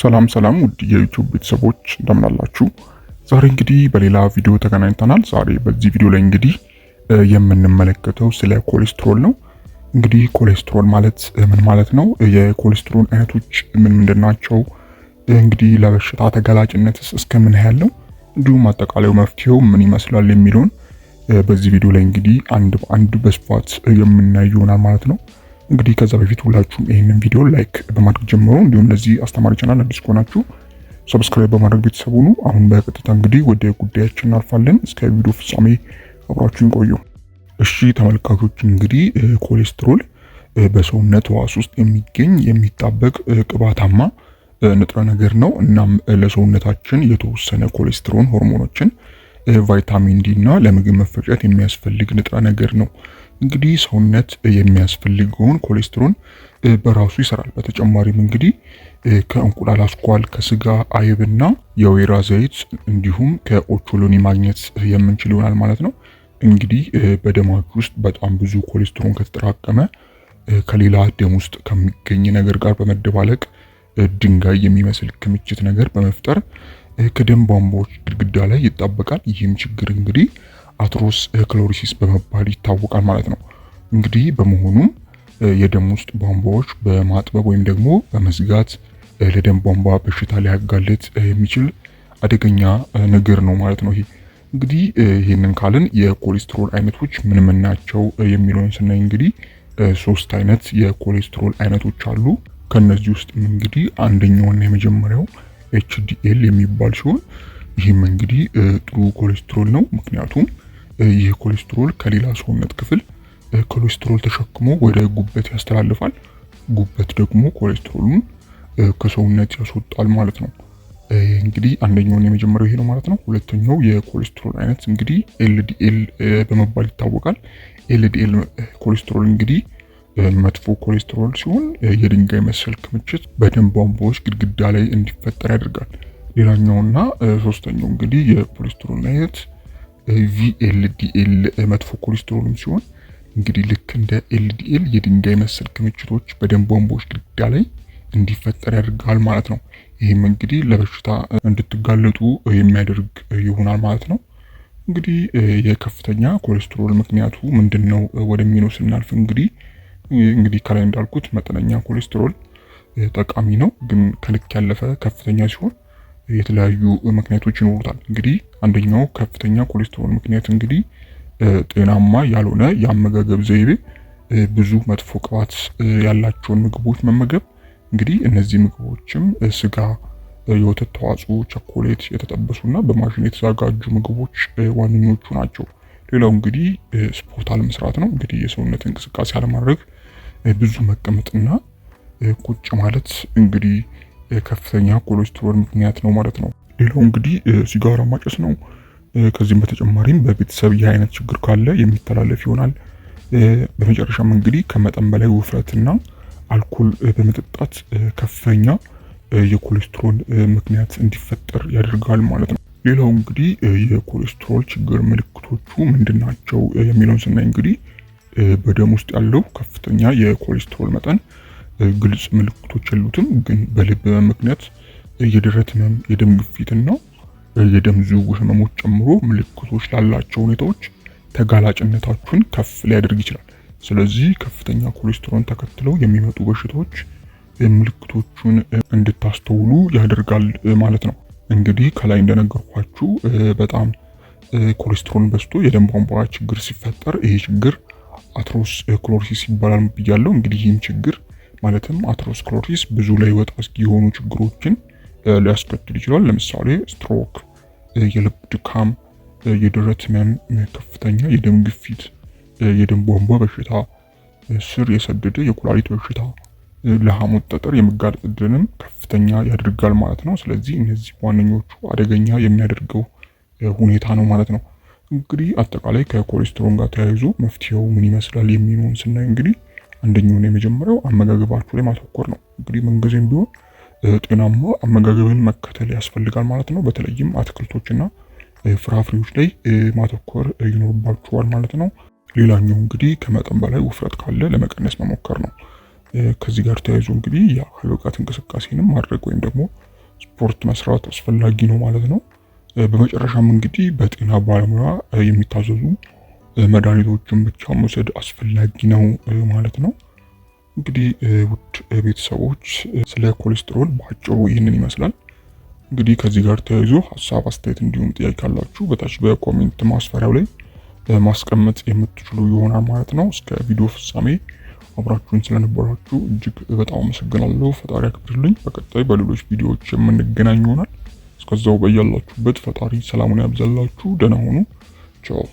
ሰላም ሰላም ውድ የዩቲዩብ ቤተሰቦች እንደምናላችሁ። ዛሬ እንግዲህ በሌላ ቪዲዮ ተገናኝተናል። ዛሬ በዚህ ቪዲዮ ላይ እንግዲህ የምንመለከተው ስለ ኮሌስትሮል ነው። እንግዲህ ኮሌስትሮል ማለት ምን ማለት ነው? የኮሌስትሮል አይነቶች ምን ምንድን ናቸው? እንግዲህ ለበሽታ ተጋላጭነትስ እስከ ምን እንዲሁም አጠቃላዩ መፍትሄው ምን ይመስላል የሚለውን በዚህ ቪዲዮ ላይ እንግዲህ አንድ በአንድ በስፋት የምናየው ይሆናል ማለት ነው። እንግዲህ ከዛ በፊት ሁላችሁም ይህንን ቪዲዮ ላይክ በማድረግ ጀምሮ እንዲሁም ለዚህ አስተማሪ ቻናል አዲስ ከሆናችሁ ሰብስክራይብ በማድረግ ቤተሰቡ ኑ። አሁን በቀጥታ እንግዲህ ወደ ጉዳያችን እናልፋለን። እስከ ቪዲዮ ፍጻሜ አብራችሁን ቆዩ። እሺ ተመልካቾች፣ እንግዲህ ኮሌስትሮል በሰውነት ዋስ ውስጥ የሚገኝ የሚጣበቅ ቅባታማ ንጥረ ነገር ነው። እናም ለሰውነታችን የተወሰነ ኮሌስትሮን ሆርሞኖችን፣ ቫይታሚን ዲ እና ለምግብ መፈጨት የሚያስፈልግ ንጥረ ነገር ነው። እንግዲህ ሰውነት የሚያስፈልገውን ኮሌስትሮን በራሱ ይሰራል። በተጨማሪም እንግዲህ ከእንቁላል አስኳል፣ ከስጋ አይብና የወይራ ዘይት እንዲሁም ከኦቾሎኒ ማግኘት የምንችል ይሆናል ማለት ነው። እንግዲህ በደማችሁ ውስጥ በጣም ብዙ ኮሌስትሮን ከተጠራቀመ ከሌላ ደም ውስጥ ከሚገኝ ነገር ጋር በመደባለቅ ድንጋይ የሚመስል ክምችት ነገር በመፍጠር ከደም ቧንቧዎች ግድግዳ ላይ ይጣበቃል። ይህም ችግር እንግዲህ አትሮስ ክሎሪሲስ በመባል ይታወቃል ማለት ነው። እንግዲህ በመሆኑም የደም ውስጥ ቧንቧዎች በማጥበብ ወይም ደግሞ በመዝጋት ለደም ቧንቧ በሽታ ሊያጋልጥ የሚችል አደገኛ ነገር ነው ማለት ነው። ይሄ እንግዲህ ይህንን ካልን የኮሌስትሮል አይነቶች ምን ምን ናቸው የሚለውን ስናይ እንግዲህ ሶስት አይነት የኮሌስትሮል አይነቶች አሉ። ከነዚህ ውስጥ እንግዲህ አንደኛውና የመጀመሪያው ኤችዲኤል የሚባል ሲሆን ይህም እንግዲህ ጥሩ ኮሌስትሮል ነው። ምክንያቱም ይህ ኮሌስትሮል ከሌላ ሰውነት ክፍል ኮሌስትሮል ተሸክሞ ወደ ጉበት ያስተላልፋል። ጉበት ደግሞ ኮሌስትሮሉን ከሰውነት ያስወጣል ማለት ነው። እንግዲህ አንደኛውን የመጀመሪያው ይሄ ነው ማለት ነው። ሁለተኛው የኮሌስትሮል አይነት እንግዲህ ኤልዲኤል በመባል ይታወቃል። ኤልዲኤል ኮሌስትሮል እንግዲህ መጥፎ ኮሌስትሮል ሲሆን የድንጋይ መሰል ክምችት በደም ቧንቧዎች ግድግዳ ላይ እንዲፈጠር ያደርጋል። ሌላኛውና ሶስተኛው እንግዲህ የኮሌስትሮል አይነት ቪኤልዲኤል መጥፎ ኮሌስትሮልም ሲሆን እንግዲህ ልክ እንደ ኤልዲኤል የድንጋይ መሰል ክምችቶች በደም ቧንቧዎች ግድግዳ ላይ እንዲፈጠር ያደርጋል ማለት ነው። ይህም እንግዲህ ለበሽታ እንድትጋለጡ የሚያደርግ ይሆናል ማለት ነው። እንግዲህ የከፍተኛ ኮሌስትሮል ምክንያቱ ምንድን ነው ወደሚለው ስናልፍ እንግዲህ እንግዲህ ከላይ እንዳልኩት መጠነኛ ኮሌስትሮል ጠቃሚ ነው፣ ግን ከልክ ያለፈ ከፍተኛ ሲሆን የተለያዩ ምክንያቶች ይኖሩታል። እንግዲህ አንደኛው ከፍተኛ ኮሌስትሮል ምክንያት እንግዲህ ጤናማ ያልሆነ የአመጋገብ ዘይቤ፣ ብዙ መጥፎ ቅባት ያላቸውን ምግቦች መመገብ እንግዲህ እነዚህ ምግቦችም ስጋ፣ የወተት ተዋጽኦ፣ ቸኮሌት፣ የተጠበሱና በማሽን የተዘጋጁ ምግቦች ዋነኞቹ ናቸው። ሌላው እንግዲህ ስፖርት አለመስራት ነው። እንግዲህ የሰውነት እንቅስቃሴ አለማድረግ፣ ብዙ መቀመጥና ቁጭ ማለት እንግዲህ ከፍተኛ ኮሌስትሮል ምክንያት ነው ማለት ነው። ሌላው እንግዲህ ሲጋራ ማጨስ ነው። ከዚህም በተጨማሪም በቤተሰብ ይህ አይነት ችግር ካለ የሚተላለፍ ይሆናል። በመጨረሻም እንግዲህ ከመጠን በላይ ውፍረትና አልኮል በመጠጣት ከፍተኛ የኮሌስትሮል ምክንያት እንዲፈጠር ያደርጋል ማለት ነው። ሌላው እንግዲህ የኮሌስትሮል ችግር ምልክቶቹ ምንድን ናቸው የሚለውን ስናይ እንግዲህ በደም ውስጥ ያለው ከፍተኛ የኮሌስትሮል መጠን ግልጽ ምልክቶች የሉትም፣ ግን በልብ ህመም ምክንያት የደረት ህመም፣ የደም ግፊትና የደም ዝውውር ህመሞች ጨምሮ ምልክቶች ላላቸው ሁኔታዎች ተጋላጭነታችሁን ከፍ ሊያደርግ ይችላል። ስለዚህ ከፍተኛ ኮሌስትሮን ተከትለው የሚመጡ በሽታዎች ምልክቶቹን እንድታስተውሉ ያደርጋል ማለት ነው። እንግዲህ ከላይ እንደነገርኳችሁ በጣም ኮሌስትሮን በዝቶ የደም ቧንቧ ችግር ሲፈጠር ይህ ችግር አትሮስ ክሎሪሲስ ይባላል ብያለው። እንግዲህ ይህም ችግር ማለትም አተሮስክለሮሲስ ብዙ ለህይወት አስጊ የሆኑ ችግሮችን ሊያስከትል ይችላል። ለምሳሌ ስትሮክ፣ የልብ ድካም፣ የደረት ህመም፣ ከፍተኛ የደም ግፊት፣ የደም ቧንቧ በሽታ፣ ስር የሰደደ የኩላሊት በሽታ፣ ለሐሞት ጠጠር የመጋለጥ ከፍተኛ ያደርጋል ማለት ነው። ስለዚህ እነዚህ ዋነኞቹ አደገኛ የሚያደርገው ሁኔታ ነው ማለት ነው። እንግዲህ አጠቃላይ ከኮሌስትሮል ጋር ተያይዞ መፍትሄው ምን ይመስላል የሚለውን ስናይ እንግዲህ አንደኛው የመጀመሪያው አመጋገባችሁ ላይ ማተኮር ነው። እንግዲህ ምንጊዜም ቢሆን ጤናማ አመጋገብን መከተል ያስፈልጋል ማለት ነው። በተለይም አትክልቶችና ፍራፍሬዎች ላይ ማተኮር ይኖርባችኋል ማለት ነው። ሌላኛው እንግዲህ ከመጠን በላይ ውፍረት ካለ ለመቀነስ መሞከር ነው። ከዚህ ጋር ተያይዞ እንግዲህ የአካል ብቃት እንቅስቃሴንም ማድረግ ወይም ደግሞ ስፖርት መስራት አስፈላጊ ነው ማለት ነው። በመጨረሻም እንግዲህ በጤና ባለሙያ የሚታዘዙ መድኃኒቶችን ብቻ መውሰድ አስፈላጊ ነው ማለት ነው። እንግዲህ ውድ ቤተሰቦች ስለ ኮሌስትሮል በአጭሩ ይህንን ይመስላል። እንግዲህ ከዚህ ጋር ተያይዞ ሀሳብ፣ አስተያየት እንዲሁም ጥያቄ ካላችሁ በታች በኮሜንት ማስፈሪያው ላይ ማስቀመጥ የምትችሉ ይሆናል ማለት ነው። እስከ ቪዲዮ ፍጻሜ አብራችሁን ስለነበራችሁ እጅግ በጣም አመሰግናለሁ። ፈጣሪ ያክብርልኝ። በቀጣይ በሌሎች ቪዲዮዎች የምንገናኝ ይሆናል። እስከዛው በያላችሁበት ፈጣሪ ሰላሙን ያብዛላችሁ። ደህና ሆኑ ቻው